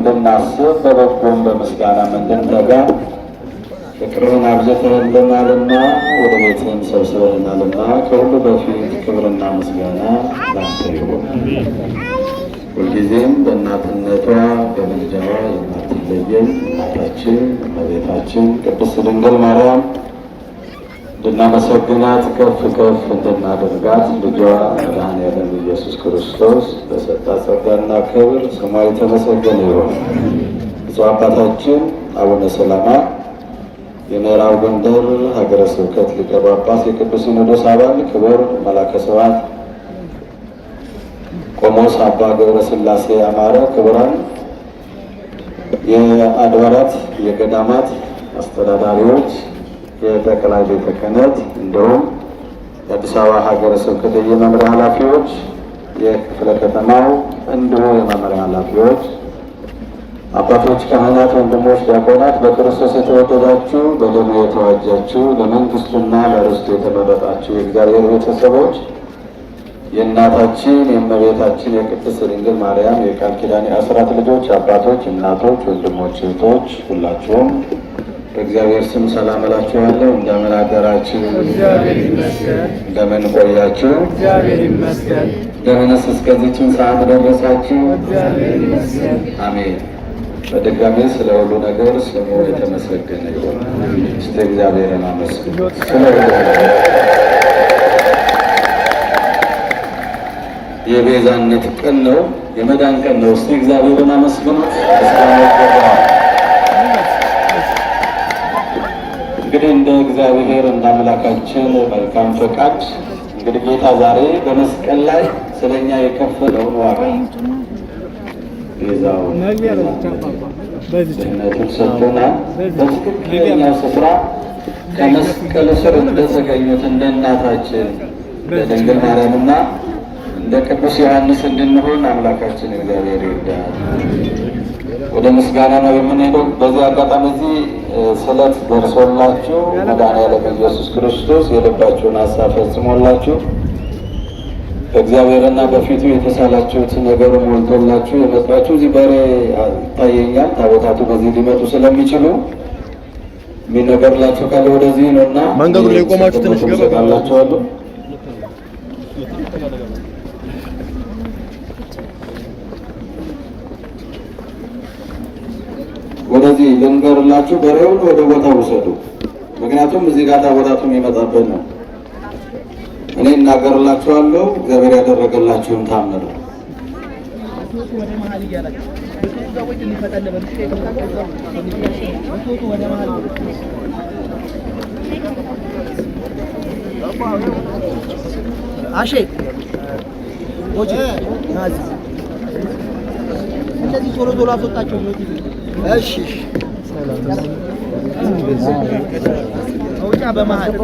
እንድናስብ በበጎም በምስጋና እንድንተጋ ፍቅርህን አብዝተህልናልና ወደ ቤትህም ሰብስበህናልና ከሁሉ በፊት ክብርና ምስጋና ላንተ ይሁን። ሁልጊዜም በእናትነቷ በምልጃዋ የማትለየን እናታችን እመቤታችን ቅድስት ድንግል ማርያም እንድናመሰግናት ከፍ ከፍ እንድናደርጋት ልጇ መድኃኔዓለም ኢየሱስ ክርስቶስ በሰጣ ጸጋና ክብር ስሟ የተመሰገነ ይሆን። ብፁዕ አባታችን አቡነ ሰላማ የምዕራብ ጎንደር ሀገረ ስብከት ሊቀ ጳጳስ የቅዱስ ሲኖዶስ አባል ክቡር መላከ ሰባት ቆሞስ አባ ገብረስላሴ አማረ፣ ክቡራን የአድባራት የገዳማት አስተዳዳሪዎች የጠቅላይ ቤተ ክህነት እንዲሁም የአዲስ አበባ ሀገረ ስብከት የመምሪያ ኃላፊዎች፣ የክፍለ ከተማው እንዲሁ የመምሪያ ኃላፊዎች፣ አባቶች፣ ካህናት፣ ወንድሞች፣ ዲያቆናት በክርስቶስ የተወደዳችሁ በደሙ የተዋጃችሁ ለመንግስቱና ለርስቱ የተመረጣችሁ የእግዚአብሔር ቤተሰቦች የእናታችን የእመቤታችን የቅድስት ድንግል ማርያም የቃል ኪዳን የአስራት ልጆች አባቶች፣ እናቶች፣ ወንድሞች፣ እህቶች ሁላችሁም በእግዚአብሔር ስም ሰላም እላችኋለሁ። እንደምን አደራችሁ? እንደምን ቆያችሁ? እንደምንስ እስከዚችን ሰዓት ደረሳችሁ? አሜን። በድጋሚ ስለ ሁሉ ነገር ስሙ የተመሰገነ ይሆን። እስቲ እግዚአብሔርን አመስግኑ። የቤዛነት ቀን ነው፣ የመዳን ቀን ነው። እስቲ እግዚአብሔርን አመስግኑት። እንግዲህ እንደ እግዚአብሔር እንደ አምላካችን መልካም ፈቃድ እንግዲህ ጌታ ዛሬ በመስቀል ላይ ስለኛ የከፈለውን ዋጋ ቤዛውን ሰጥቶናል። በትክክለኛ ስፍራ ከመስቀል ስር እንደተገኙት እንደ እናታችን በድንግል ማርያምና እንደ ቅዱስ ዮሐንስ እንድንሆን አምላካችን እግዚአብሔር ይርዳል። ወደ ምስጋና ነው የምንሄደው። በዚህ አጋጣሚ እዚህ ስዕለት ደርሶላችሁ ያለ ኢየሱስ ክርስቶስ የልባችሁን ሀሳብ ፈጽሞላችሁ በእግዚአብሔርና በፊቱ የተሳላችሁትን ነገር ሞልቶላችሁ የመጣችሁ እዚህ በሬ ይታየኛል። ታቦታቱ በዚህ ሊመጡ ስለሚችሉ የሚነገርላቸው ካለ ወደዚህ ነው እና መንገዱ ላይ ቆማችሁ ትንሽ ገባ ስለዚህ ልንገርላችሁ፣ በሬውን ወደ ቦታ ውሰዱ። ምክንያቱም እዚህ ጋር ታቦታቱም ይመጣበት ነው። እኔ እናገርላችኋለሁ እግዚአብሔር ያደረገላችሁን ታምር አሼ እንደዚህ ቶሎ ቶሎ አስወጣቸው። እሺ መውጫ በመሀል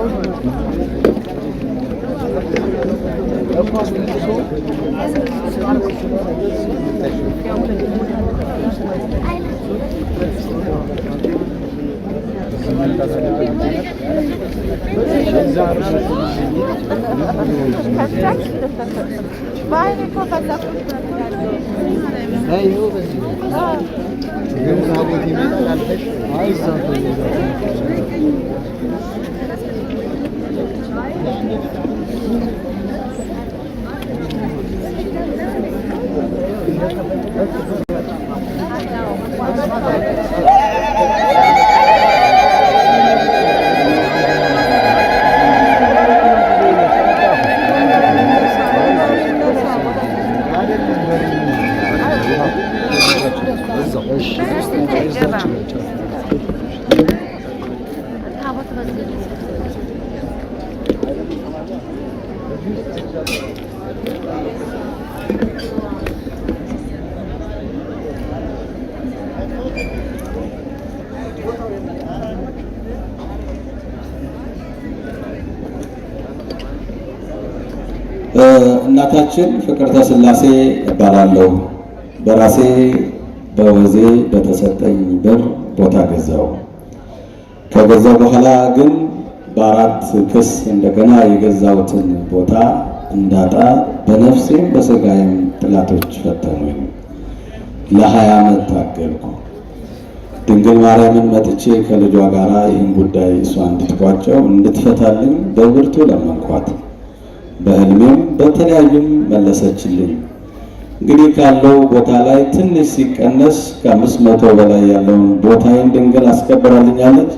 Görüntü hareketiyle 5 ay zaten. እናታችን ፍቅርተ ስላሴ እባላለሁ። በራሴ በወዜ በተሰጠኝ ብር ቦታ ገዛው። ከገዛው በኋላ ግን በአራት ክስ እንደገና የገዛውትን ቦታ እንዳጣ በነፍሴም በስጋዬም ጥላቶች ፈተኑኝ። ለሀያ ዓመት ታገልኩ። ድንግል ማርያምን መጥቼ ከልጇ ጋር ይህን ጉዳይ እሷ እንድትቋጨው እንድትፈታልኝ በብርቱ ለመንኳት። በህልሜም በተለያዩም መለሰችልኝ። እንግዲህ ካለው ቦታ ላይ ትንሽ ሲቀነስ ከአምስት መቶ በላይ ያለውን ቦታዬን ድንግል አስከብራልኛለች።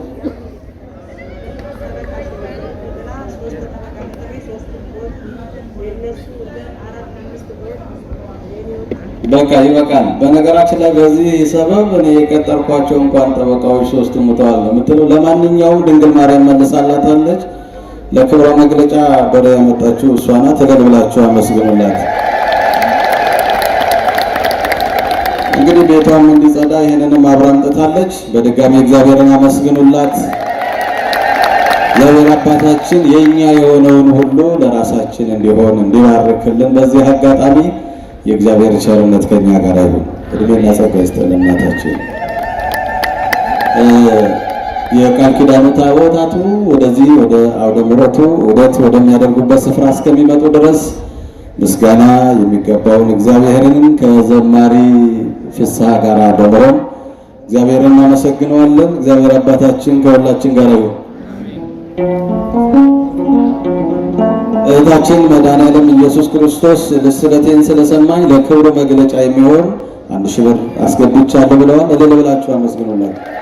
በቃ ይበቃል። በነገራችን ላይ በዚህ ሰበብ እኔ የቀጠርኳቸው እንኳን ጠበቃዎች ሶስት ሙተዋል ነው የምትሉ። ለማንኛውም ድንግል ማርያም መልሳላታለች። ለክብረ መግለጫ በደ ያመጣችው እሷ ናት። አመስግኑላት። እንግዲህ ቤቷም እንዲጸዳ ይህንንም አብራ አምጥታለች። በድጋሚ እግዚአብሔርን አመስግኑላት። እግዚአብሔር አባታችን የእኛ የሆነውን ሁሉ ለራሳችን እንዲሆን እንዲባርክልን በዚህ አጋጣሚ የእግዚአብሔር ቸርነት ከኛ ጋር ይሁን። እድሜና ጸጋ ይስጥልን እናታችን የቃል ኪዳኑ ታቦታቱ ወደዚህ ወደ አውደ ምሕረቱ ዑደት ወደሚያደርጉበት ስፍራ እስከሚመጡ ድረስ ምስጋና የሚገባውን እግዚአብሔርን ከዘማሪ ፍስሐ ጋር በመሆን እግዚአብሔርን እናመሰግነዋለን። እግዚአብሔር አባታችን ከሁላችን ጋር ይሁን። እህታችን መድኃኔዓለም ኢየሱስ ክርስቶስ ልስለቴን ስለሰማኝ ለክብሩ መግለጫ የሚሆን አንድ ሺህ ብር አስገብቻለሁ ብለዋል። እልል ብላችሁ አመስግኑላችሁ።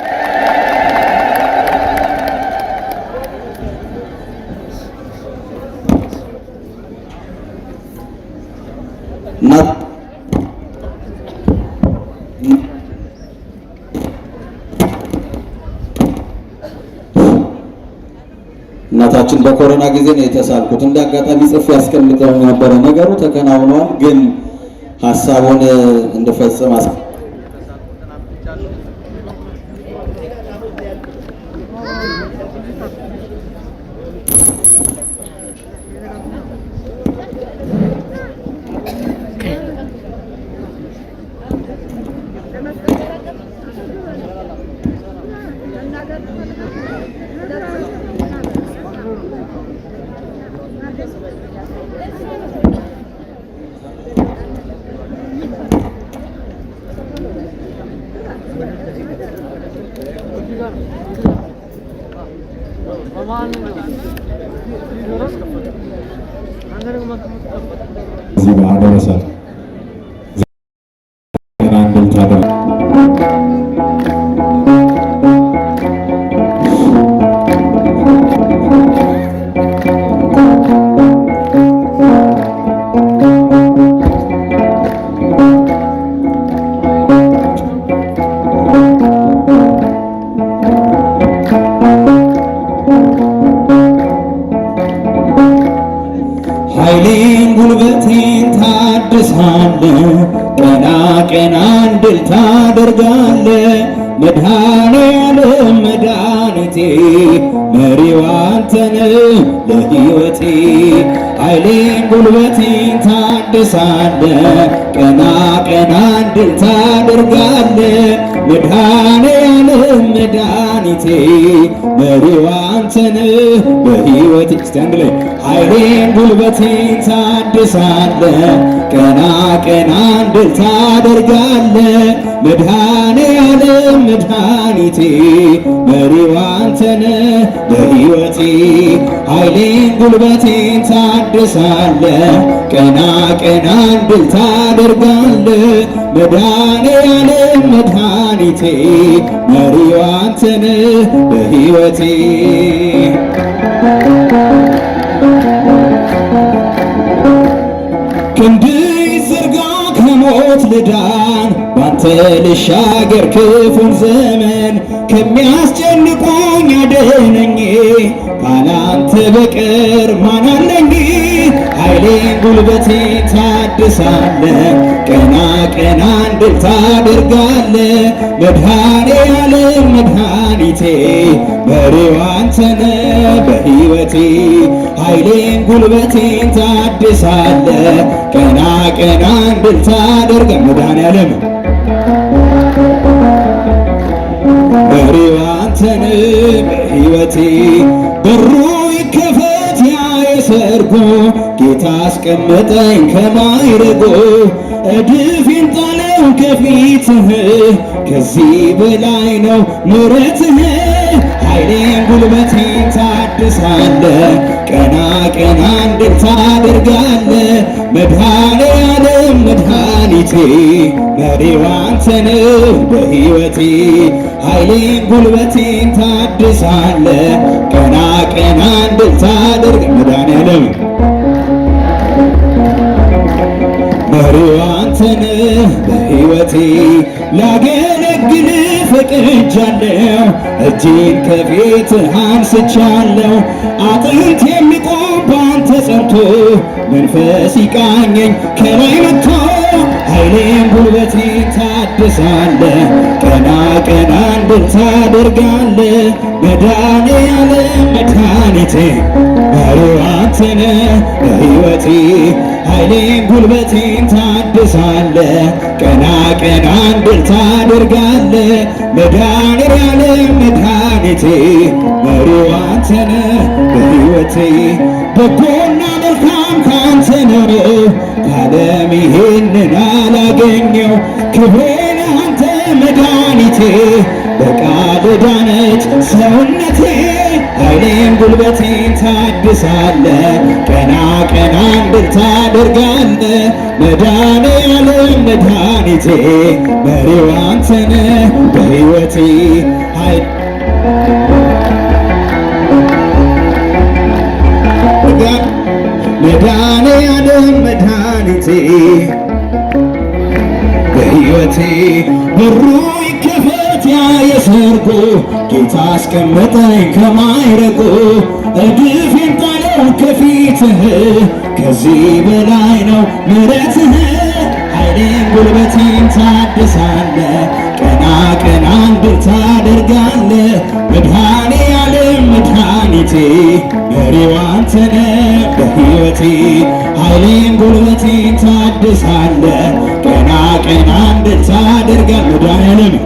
በኮሮና ጊዜ ነው የተሳልኩት። እንደ አጋጣሚ ጽፍ ያስቀምጠው ነበረ። ነገሩ ተከናውኗል፣ ግን ሀሳቡን እንድፈጽም አስ እዚህ ጋር አደረሰን። ጩኸቴ መሪው ለህይወቴ ለሕይወቴ ኃይሌን ጉልበቴን ታድሳለ ቀና ቀና እንድል ታደርጋለ መድኃኔ መድኃኒቴ መሪው አንተን በሕይወቴ ስቲያንድ ላይ ኃይሌን ጉልበቴን ታድሳለ ቀና ቀና እንድል ታደርጋለ መድኃኔ ዓለም መድኃኒቴ መሪው አንተነ በሕይወቴ ኃይሌን ጉልበቴን ታድሳለ ቀና ቀና እንድል ታደርጋለ መድኃኔ ዓለም መድኃኒቴ መድኃኒቴ መሪው አንተን በሕይወቴ ክንድይ ዘርጋ ከሞት ልዳን ባንተ ልሻገር ክፉን ዘመን ከሚያስጨንቁኝ አደነ ባላንተ በቀር ማናለኝ ኃይሌን ጉልበቴ ታድሳለ ቀና ቀና እንድል ታደርጋለ መድኃኔ ዓለም መድኃኒቴ መሪው አንተነ በሕይወቴ ኃይሌን ጉልበቴን ታድሳለ ቀና ቀና እንድል ታደርጋ መድኃኔ ዓለም ሕይወቴ በሩ ይከፈት ያ የሰርጉ ጌታ አስቀመጠኝ ከማይረጎ እድፊን ጣለው ከፊትህ ከዚህ በላይ ነው ምሕረትህ ኃይሌን ጉልበቴን ታድሳለ ቀና ቀና እንድል ታደርጋለ መድኃኔ ዓለም መድኃኒቴ መሪው አንተነህ በሕይወቴ ኃይሌን ጉልበቴን ታድሳለ ቀና ቀና እንድል መድኃኔ ዓለም መሪው አንተነህ በሕይወቴ ላገለግል ፍቅር እጃለሁ እጅን ከቤት አንስቻለሁ አጥንት የሚቆም ባንተ መንፈስ ይቃኘኝ ከላይ መጥቶ ኃይሌም ጉልበቴ ታድሳለ ቀና ቀና እንድል ታደርጋለ መዳኔ ያለ መድኃኒቴ ባሮ አንተነ ሕይወቴ ኃይሌን ጉልበቴን ታድሳለ ቀና ቀናን እንድል ታደርጋለ መድኃኔዓለም መድኃኒቴ መሪው አንተነ በሕይወቴ በጎና መልካም ካንተ ነው ከዓለም ይህንን አላገኘው ክብሬ ለአንተ መድኃኒቴ በቃል ዳነች ሰውነቴ ኃይሌም ጉልበቴን ታድሳለ ቀና ቀና እንድል ታደርጋለ መድኃኔ ዓለም መድኃኒቴ መሪው አንተነ በሕይወቴ መድኃኔ ዓለም መድኃኒቴ በሕይወቴ በሩ አድርጎ ጌታ አስቀመጠኝ ከማይረጎ እድፌን ጣለው ከፊትህ ከዚህ በላይ ነው ምሕረትህ ኃይሌን ጉልበቴን ታድሳለ ቀና ቀና እንድል ታደርጋለ መድኃኔ ዓለም መድኃኒቴ መሪው አንተነ በሕይወቴ ኃይሌን ጉልበቴን ታድሳለ ቀና ቀና እንድል ታደርጋለ መድኃኔ ዓለም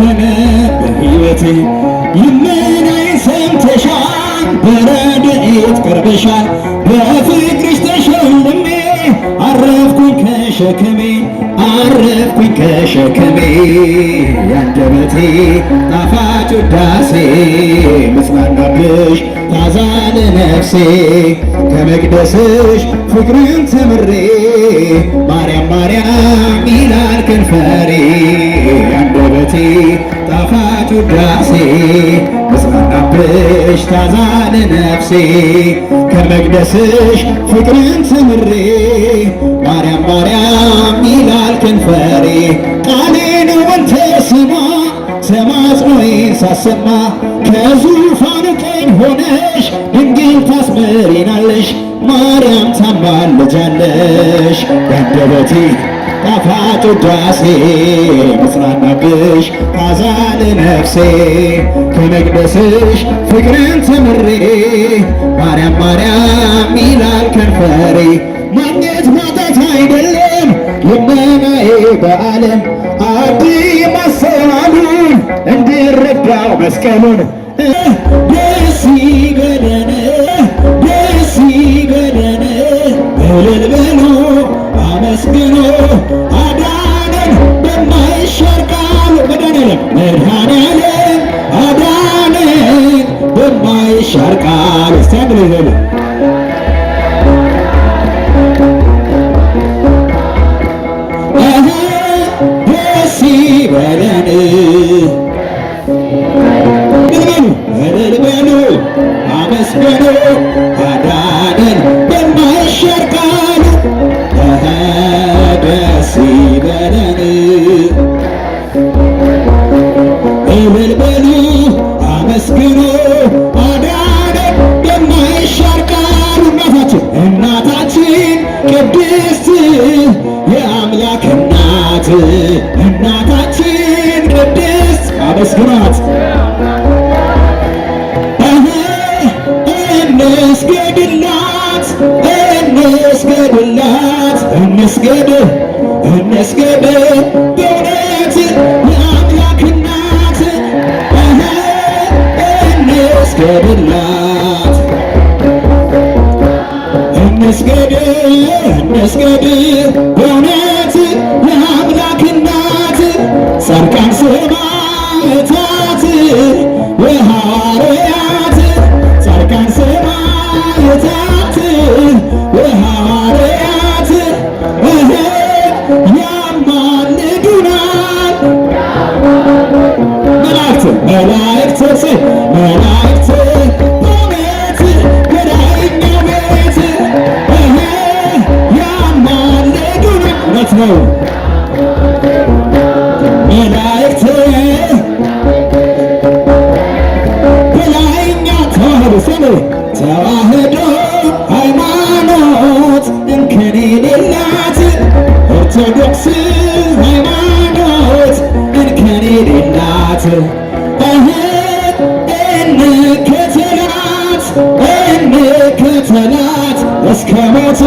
ተፈተነ በሕይወቴ ልመናዬን ሰምተሻል፣ በረድኤት ቀርበሻል፣ በፍቅርሽ ተሸልሜ አረፍኩኝ ከሸክሜ አረፍኩኝ ከሸክሜ ያንደበቴ ጣፋጭ ውዳሴ መጽናናብሽ ታዛለ ነፍሴ ከመቅደስሽ ፍቅርን ተምሬ ማርያም ማርያም ይላል ከንፈሬ ውበቴ ጣፋጭ ውዳሴ እጽናናብሽ ታዛለ ነፍሴ ከመቅደስሽ ፍቅርን ተምሬ ማርያም ማርያም ይላል ከንፈሬ ቃሌን ወንተ ስማ ተማጽኖዬን ሳሰማ ከዙፋኑ ቀኝ ሆነሽ ድንግል ታስመሪናለሽ ማርያም ታማልጃለሽ ያንደበቴ ጣፋጭ ውዳሴ ምስራና ግሽ ታዛለ ነፍሴ ከመቅደስሽ ፍቅርን ተምሬ ማርያም ማርያም ይላል ከንፈሬ ማግኘት ማጣት አይደለም ልመናዬ በዓለም አዲ ማሰላሉን እንድረዳው መስቀሉን ደስ ይበለን አዳነን በማይሻር ቃሉ መድኃኒዓለም መድኃኒዓለም አዳነን በማይሻር ቃሉ ደስ ይበለን በሉ በሉ አመስግኑ እንስገድላት እንስገድ እንስገድ በእውነት የአምላክ እናት እንስገድላት እንስገድ እንስገድ በእውነት እናት ስማ መላእክት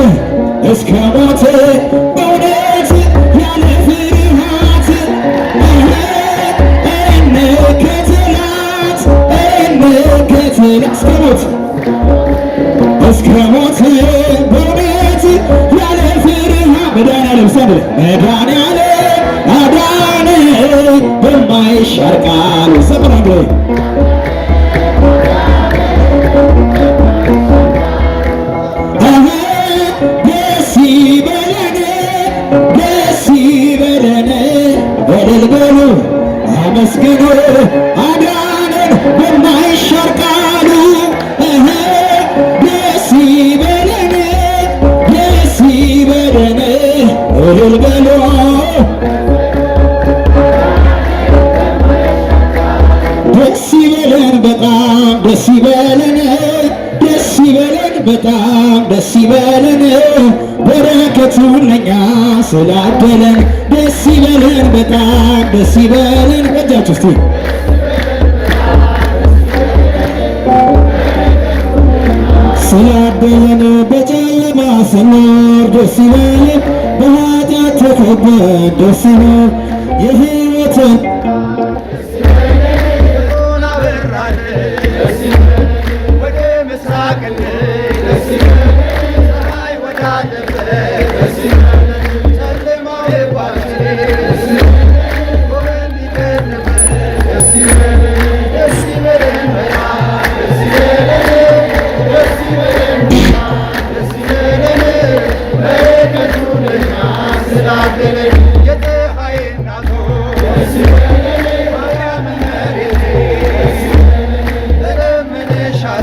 Let's come out it, bonus it, y'all left it in haunted. Ahead and getting out, and they getting out. Come Let's come out it, bonus it, y'all left it in haunted. Down at him, it. Down at come on, at him. Bumbai Sharkan, አመስግኑ አዳነን በማይሻር ቃሉ ደስ ይበለን ደስ ይበለን እልል በሉ ደስ ይበለን በጣም ደስ ይበለን ደስ ይበለን በጣም ደስ ይበለን በረከቱ ለኛ ስላደለን ይበለን በጣም ደስ ይበለን በእጃችሁ እስቲ ስላደለን በጨለማ ስኖር ደስ ይበለን በኃጢአት ተከበን ደስ ይበለን የሕይወትን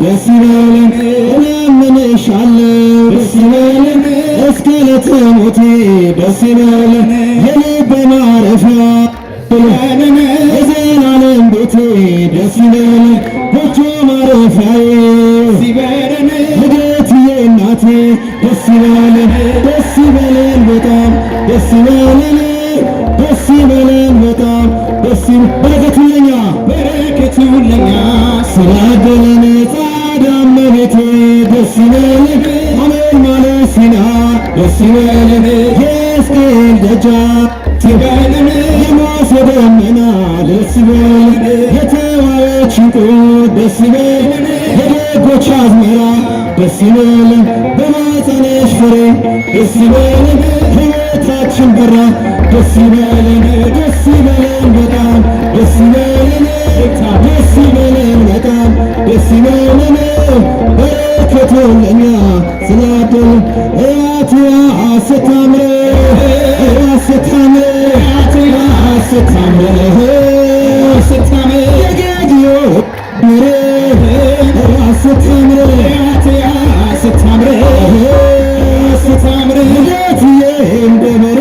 በስሜልም እለምንሻለሁ በስሜልም እስከ ለትሞቴ በስሜልም የልብ ማረፊያ ብለንም የዘላለም ቤቴ በስሜልም ጎጆ ማረፊያዬ ልደትዬ እናቴ ደስ ይበለን ደስ ይበለን በጣም ደስ ይበለን በስም አላመጣም በስም በረከቱለኛ በረከቱለኛ ስላደለን ጻዳም ቤቴ ደስነል አሜን ማለሲና ደስነልን የስቅል ደጃ ትበልን የማሰ ደመና ደስበል የተዋዮች እንቁ ደስበልን የደጎች አዝመራ ደስበልን በማፀነሽ ፍሬ ደስበልን başım kara Desimele desimele neden Desimele desimele neden Desimele bereketun dünya Sılatul hayatı asetamre Asetamre Asetamre Asetamre Geliyor Asetamre Asetamre Asetamre Asetamre Asetamre